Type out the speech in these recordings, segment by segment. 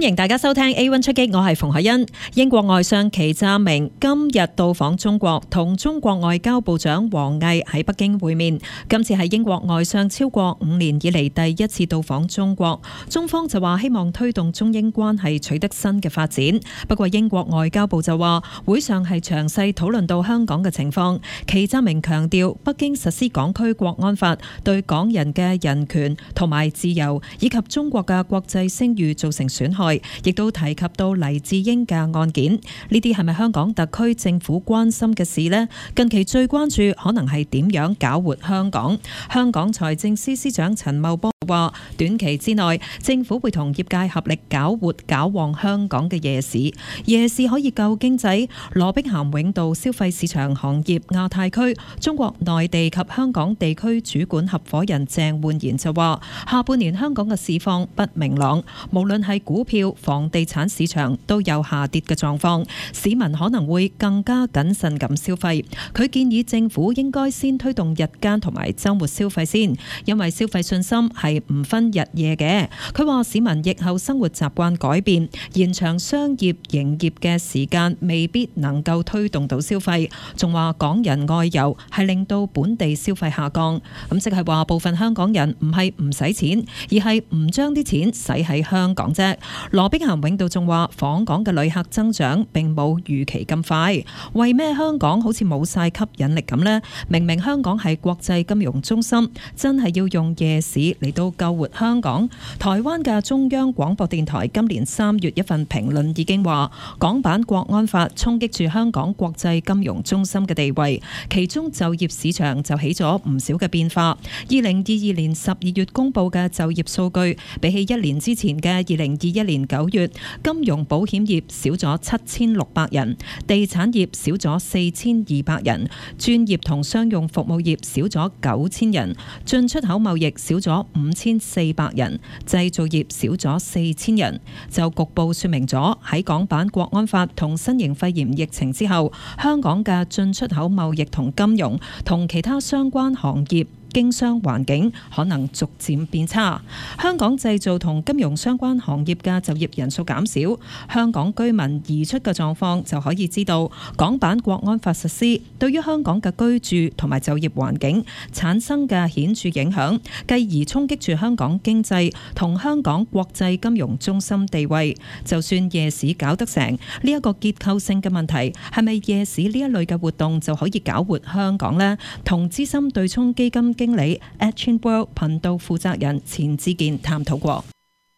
歡迎大家收聽 A1 出擊，我係馮凱欣。英國外相祁湛明今日到訪中國，同中國外交部長王毅喺北京會面。今次係英國外相超過五年以嚟第一次到訪中國。中方就話希望推動中英關係取得新嘅發展。不過英國外交部就話，會上係詳細討論到香港嘅情況。祁湛明強調，北京實施港區國安法對港人嘅人權同埋自由，以及中國嘅國際聲譽造成損害。亦都提及到黎智英嘅案件，呢啲係咪香港特區政府關心嘅事咧？近期最關注可能係點樣搞活香港？香港財政司司長陳茂波話，短期之內政府會同業界合力搞活、搞旺香港嘅夜市。夜市可以救經濟。羅兵咸永道消費市場行業亞太區中國內地及香港地區主管合伙人鄭煥然就話，下半年香港嘅市況不明朗，無論係股票。房地產市場都有下跌嘅狀況，市民可能會更加謹慎咁消費。佢建議政府應該先推動日間同埋周末消費先，因為消費信心係唔分日夜嘅。佢話市民疫後生活習慣改變，延長商業營業嘅時間未必能夠推動到消費。仲話港人外遊係令到本地消費下降，咁即係話部分香港人唔係唔使錢，而係唔將啲錢使喺香港啫。羅兵咸永道仲話：訪港嘅旅客增長並冇預期咁快，為咩香港好似冇晒吸引力咁呢？明明香港係國際金融中心，真係要用夜市嚟到救活香港。台灣嘅中央廣播電台今年三月一份評論已經話：港版國安法衝擊住香港國際金融中心嘅地位，其中就業市場就起咗唔少嘅變化。二零二二年十二月公佈嘅就業數據，比起一年之前嘅二零二一年。九月，金融保險業少咗七千六百人，地產業少咗四千二百人，專業同商用服務業少咗九千人，進出口貿易少咗五千四百人，製造業少咗四千人，就局部說明咗喺港版國安法同新型肺炎疫情之後，香港嘅進出口貿易同金融同其他相關行業。經商環境可能逐漸變差，香港製造同金融相關行業嘅就業人數減少，香港居民移出嘅狀況就可以知道，港版國安法實施對於香港嘅居住同埋就業環境產生嘅顯著影響，繼而衝擊住香港經濟同香港國際金融中心地位。就算夜市搞得成，呢一個結構性嘅問題係咪夜市呢一類嘅活動就可以搞活香港呢？同資深對沖基金經理 EdChinWorld 頻道負責人錢志健探討過，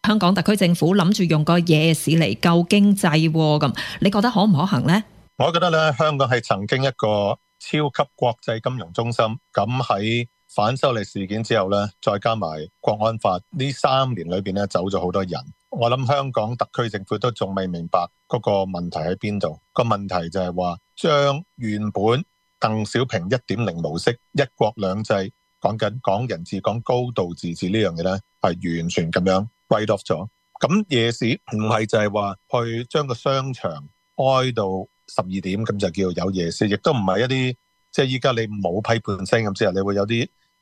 香港特區政府諗住用個夜市嚟救經濟，咁你覺得可唔可行呢？我覺得咧，香港係曾經一個超級國際金融中心，咁喺反修例事件之後呢，再加埋國安法呢三年裏邊咧，走咗好多人。我諗香港特區政府都仲未明白嗰個問題喺邊度。個問題就係話，將原本鄧小平一點零模式一國兩制。講緊講人治，講高度自治呢樣嘢呢，係完全咁樣 write off 咗。咁夜市唔係就係話去將個商場開到十二點，咁就叫有夜市，亦都唔係一啲即係依家你冇批判聲咁之後，你會有啲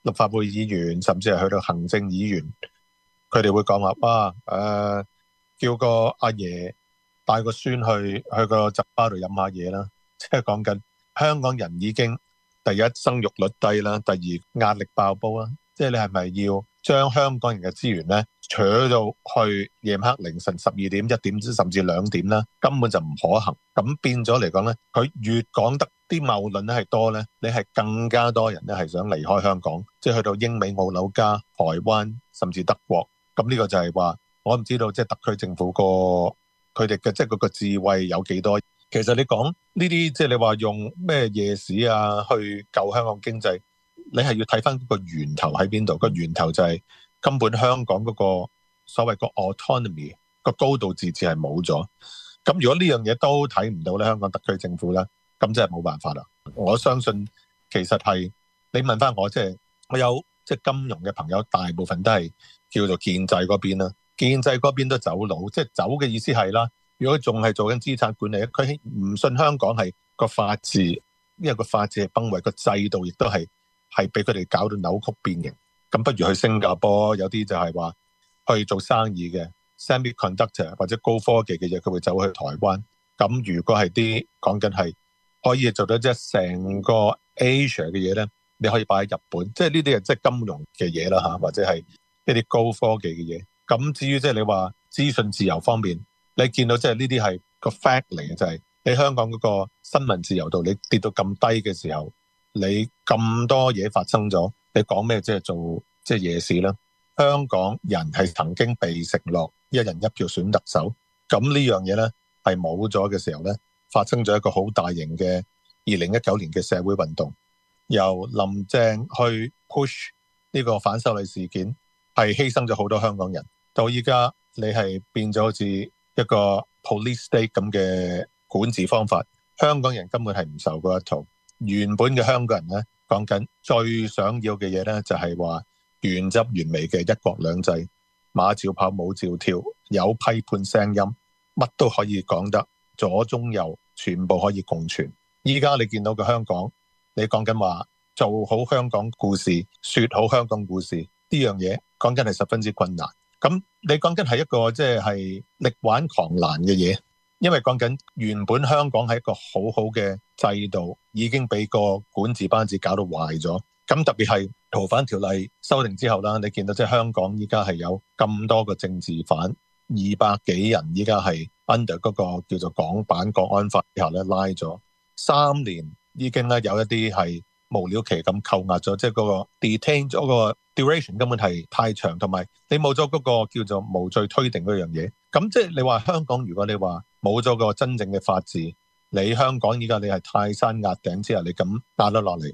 立法會議員甚至係去到行政議員，佢哋會講話啊誒，叫個阿爺帶個孫去去個酒吧度飲下嘢啦，即係講緊香港人已經。第一，生育率低啦，第二，壓力爆煲啦。即係你係咪要將香港人嘅資源呢扯到去夜晚黑凌晨十二點一點之甚至兩點啦，根本就唔可行。咁變咗嚟講呢，佢越講得啲謬論係係多呢，你係更加多人呢係想離開香港，即係去到英美澳紐加、台灣甚至德國。咁呢個就係話，我唔知道即係特區政府個佢哋嘅即係嗰個智慧有幾多。其實你講呢啲，即係你話用咩夜市啊，去救香港經濟，你係要睇翻個源頭喺邊度？個源頭就係根本香港嗰個所謂個 autonomy 個高度自治係冇咗。咁如果呢樣嘢都睇唔到咧，香港特區政府呢，咁真係冇辦法啦。我相信其實係你問翻我，即係我有即係金融嘅朋友，大部分都係叫做建制嗰邊啦，建制嗰邊都走佬，即係走嘅意思係啦。如果仲係做緊資產管理，佢唔信香港係個法治，因為個法治係崩壞，個制度亦都係係俾佢哋搞到扭曲變形。咁不如去新加坡，有啲就係話去做生意嘅 semiconductor 或者高科技嘅嘢，佢會走去台灣。咁如果係啲講緊係可以做到即係成個 Asia 嘅嘢咧，你可以擺喺日本。即係呢啲嘢即係金融嘅嘢啦吓，或者係一啲高科技嘅嘢。咁至於即係你話資訊自由方面。你見到即係呢啲係個 fact 嚟嘅，就係、是、你香港嗰個新聞自由度你跌到咁低嘅時候，你咁多嘢發生咗，你講咩即係做即係、就是、夜市啦。香港人係曾經被承諾一人一票選特首，咁呢樣嘢呢，係冇咗嘅時候呢，發生咗一個好大型嘅二零一九年嘅社會運動，由林鄭去 push 呢個反修例事件，係犧牲咗好多香港人。到依家你係變咗好似～一個 police state 咁嘅管治方法，香港人根本係唔受嗰一套。原本嘅香港人呢，講緊最想要嘅嘢呢，就係話原汁原味嘅一國兩制，馬照跑，舞照跳，有批判聲音，乜都可以講得左中右全部可以共存。依家你見到嘅香港，你講緊話做好香港故事，說好香港故事，呢樣嘢講緊係十分之困難。咁你講緊係一個即係力挽狂瀾嘅嘢，因為講緊原本香港係一個好好嘅制度，已經俾個管治班子搞到壞咗。咁特別係逃犯條例修訂之後啦，你見到即係香港依家係有咁多個政治犯，二百幾人依家係 under 嗰個叫做港版國安法下咧拉咗三年，已經咧有一啲係。無了期咁扣押咗，即係嗰個 detain 咗個 duration 根本係太長，同埋你冇咗嗰個叫做無罪推定嗰樣嘢。咁即係你話香港，如果你話冇咗個真正嘅法治，你香港依家你係泰山壓頂之後你咁打得落嚟，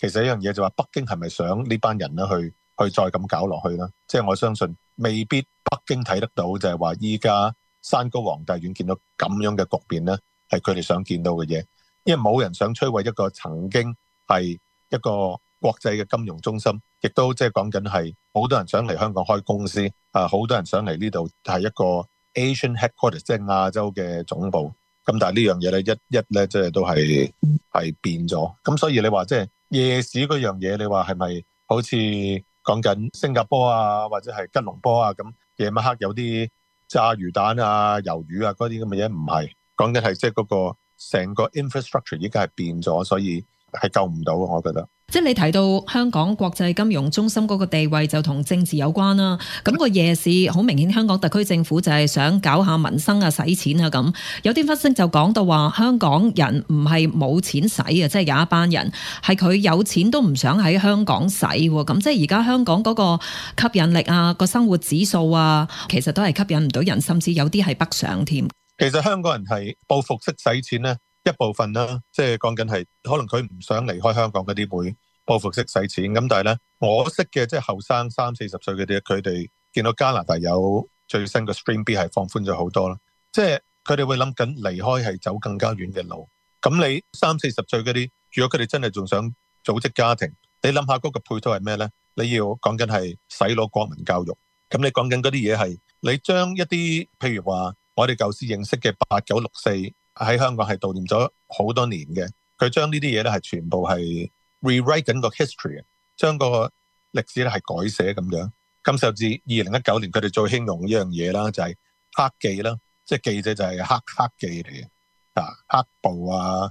其實一樣嘢就話北京係咪想呢班人咧去去再咁搞落去咧？即係我相信未必北京睇得到，就係話依家山高皇帝遠，見到咁樣嘅局面咧，係佢哋想見到嘅嘢，因為冇人想摧毀一個曾經。係一個國際嘅金融中心，亦都即係講緊係好多人想嚟香港開公司啊，好多人想嚟呢度係一個 Asian headquarters，即係亞洲嘅總部。咁但係呢樣嘢咧，一一咧即係都係係變咗。咁所以你話即係夜市嗰樣嘢，你話係咪好似講緊新加坡啊，或者係吉隆坡啊咁夜晚黑有啲炸魚蛋啊、魷魚啊嗰啲咁嘅嘢？唔係，講緊係即係嗰個成個 infrastructure 依家係變咗，所以。係救唔到，我覺得。即係你提到香港國際金融中心嗰個地位就同政治有關啦、啊。咁個夜市好明顯，香港特區政府就係想搞下民生啊、使錢啊咁。有啲分析就講到話，香港人唔係冇錢使啊，即、就、係、是、有一班人係佢有錢都唔想喺香港使喎。咁、嗯、即係而家香港嗰個吸引力啊，個生活指數啊，其實都係吸引唔到人，甚至有啲係北上添。其實香港人係報復式使錢呢。一部分啦，即係講緊係可能佢唔想離開香港嗰啲會報復式使錢，咁但係呢，我識嘅即係後生三四十歲嗰啲，佢哋見到加拿大有最新嘅 stream B 係放寬咗好多啦，即係佢哋會諗緊離開係走更加遠嘅路。咁你三四十歲嗰啲，如果佢哋真係仲想組織家庭，你諗下嗰個配套係咩呢？你要講緊係洗腦國民教育，咁你講緊嗰啲嘢係你將一啲譬如話我哋舊時認識嘅八九六四。喺香港係悼念咗好多年嘅，佢將呢啲嘢咧係全部係 rewrite 緊個 history 嘅，將個歷史咧係改寫咁樣。咁甚至二零一九年佢哋最興用一樣嘢啦，就係黑記啦，即係記者就係黑黑記嚟嘅，啊黑報啊，誒、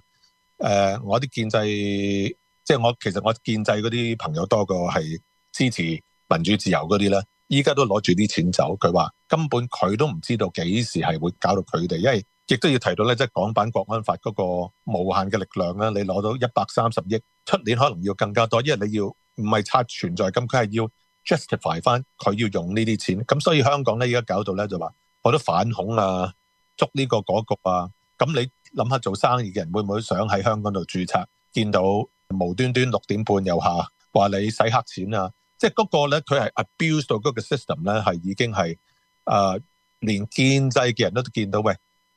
呃、我啲建制，即係我其實我建制嗰啲朋友多過係支持民主自由嗰啲咧，依家都攞住啲錢走，佢話根本佢都唔知道幾時係會搞到佢哋，因為。亦都要提到咧，即係港版國安法嗰個無限嘅力量啦！你攞到一百三十億，出年可能要更加多，因為你要唔係刷存在感，佢係要 justify 翻佢要用呢啲錢。咁所以香港咧而家搞到咧就話，我都反恐啊，捉呢個嗰個啊。咁你諗下做生意嘅人會唔會想喺香港度註冊？見到無端端六點半又下話你洗黑錢啊！即係嗰個咧，佢係 abuse 到嗰個 system 咧，係已經係誒、呃、連建制嘅人都見到喂。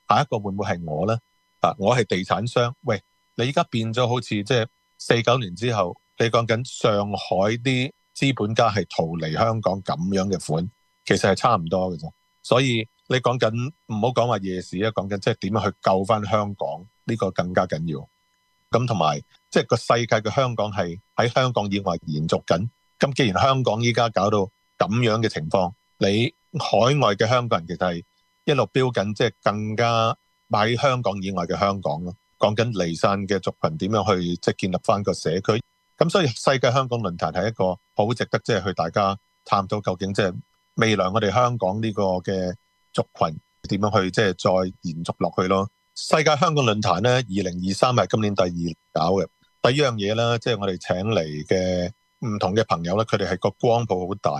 下一個會唔會係我呢？啊，我係地產商。喂，你依家變咗好似即係四九年之後，你講緊上海啲資本家係逃離香港咁樣嘅款，其實係差唔多嘅啫。所以你講緊唔好講話夜市啊，講緊即係點樣去救翻香港，呢個更加緊要。咁同埋即係個世界嘅香港係喺香港以外延續緊。咁既然香港依家搞到咁樣嘅情況，你海外嘅香港人其實係...一路標緊即係更加買香港以外嘅香港咯，講緊離散嘅族群點樣去即係建立翻個社區。咁所以世界香港論壇係一個好值得即係去大家探討究竟即係未來我哋香港呢個嘅族群點樣去即係再延續落去咯。世界香港論壇呢，二零二三係今年第二搞嘅。第一樣嘢呢，即係我哋請嚟嘅唔同嘅朋友呢，佢哋係個光譜好大。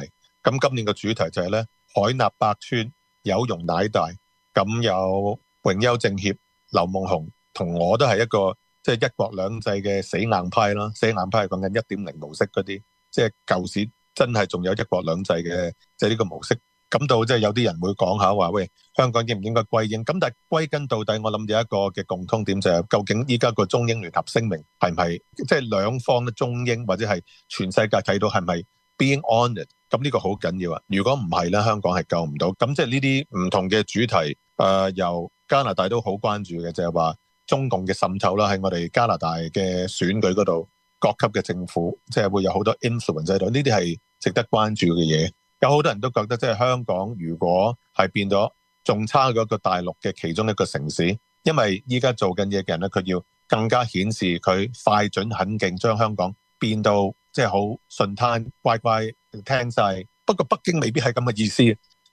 咁今年嘅主題就係呢：海納百川。有容乃大，咁有榮休政協，劉夢熊同我都係一個即係一國兩制嘅死硬派啦，死硬派係講緊一點零模式嗰啲，即係舊時真係仲有一國兩制嘅，即係呢個模式，咁到即係有啲人會講下話喂，香港應唔應該歸英？咁但係歸根到底，我諗有一個嘅共通點就係，究竟依家個中英聯合聲明係唔係即係兩方嘅，中英或者係全世界睇到係咪？Being honest，咁呢個好緊要啊！如果唔係咧，香港係救唔到。咁即係呢啲唔同嘅主題，誒、呃、由加拿大都好關注嘅，就係、是、話中共嘅滲透啦，喺我哋加拿大嘅選舉嗰度，各級嘅政府即係會有好多 influence 喺度，呢啲係值得關注嘅嘢。有好多人都覺得，即係香港如果係變咗，仲差嗰個大陸嘅其中一個城市，因為依家做緊嘢嘅人咧，佢要更加顯示佢快、準、狠、勁，將香港變到。即係好順攤、乖乖聽晒，不過北京未必係咁嘅意思。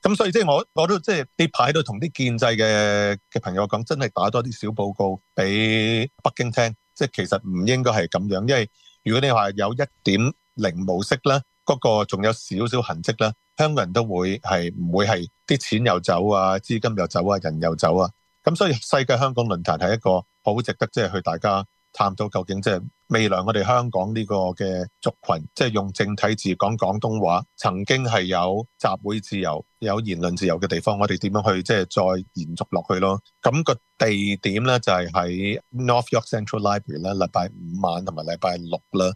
咁所以即係我我都即係呢排都同啲建制嘅嘅朋友講，真係打多啲小報告俾北京聽。即係其實唔應該係咁樣，因為如果你話有一點零模式啦，嗰個仲有少少痕跡啦，香港人都會係唔會係啲錢又走啊、資金又走啊、人又走啊。咁所以世界香港論壇係一個好值得即係去大家探討究竟即係。未來我哋香港呢個嘅族群，即係用正體字講廣東話，曾經係有集會自由、有言論自由嘅地方，我哋點樣去即係再延續落去咯？咁個地點咧就係喺 North York Central Library 啦，禮拜五晚同埋禮拜六啦，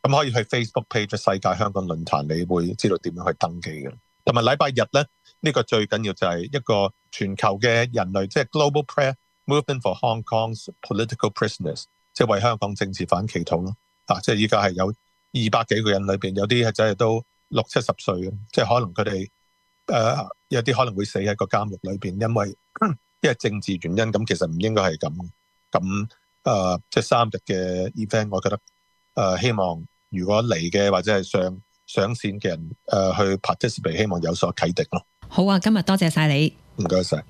咁可以去 Facebook Page 世界香港論壇，你會知道點樣去登記嘅。同埋禮拜日咧，呢個最緊要就係一個全球嘅人類，即係 Global Prayer Movement for Hong Kong's Political Prisoners。即係為香港政治犯祈禱咯，啊！即係依家係有二百幾個人裏邊，有啲係真係都六七十歲嘅，即係可能佢哋誒有啲可能會死喺個監獄裏邊，因為、嗯、因為政治原因，咁其實唔應該係咁。咁誒，即、呃、係三日嘅 event，我覺得誒、呃、希望如果嚟嘅或者係上上線嘅人誒、呃、去 participate，希望有所啟迪咯。好啊，今日多謝晒你。唔該晒。